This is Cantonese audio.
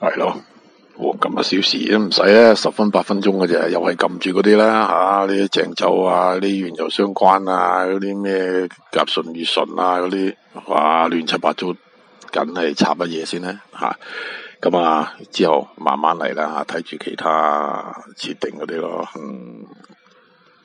係咯，黃金一小時都唔使咧，十分八分鐘嘅啫，又係撳住嗰啲啦吓，啲、啊、鄭州啊，啲原油相關啊，嗰啲咩甲醇乙醇啊，嗰啲哇亂七八糟，梗係插乜嘢先咧吓？咁啊，啊之後慢慢嚟啦吓，睇、啊、住其他設定嗰啲咯。嗯。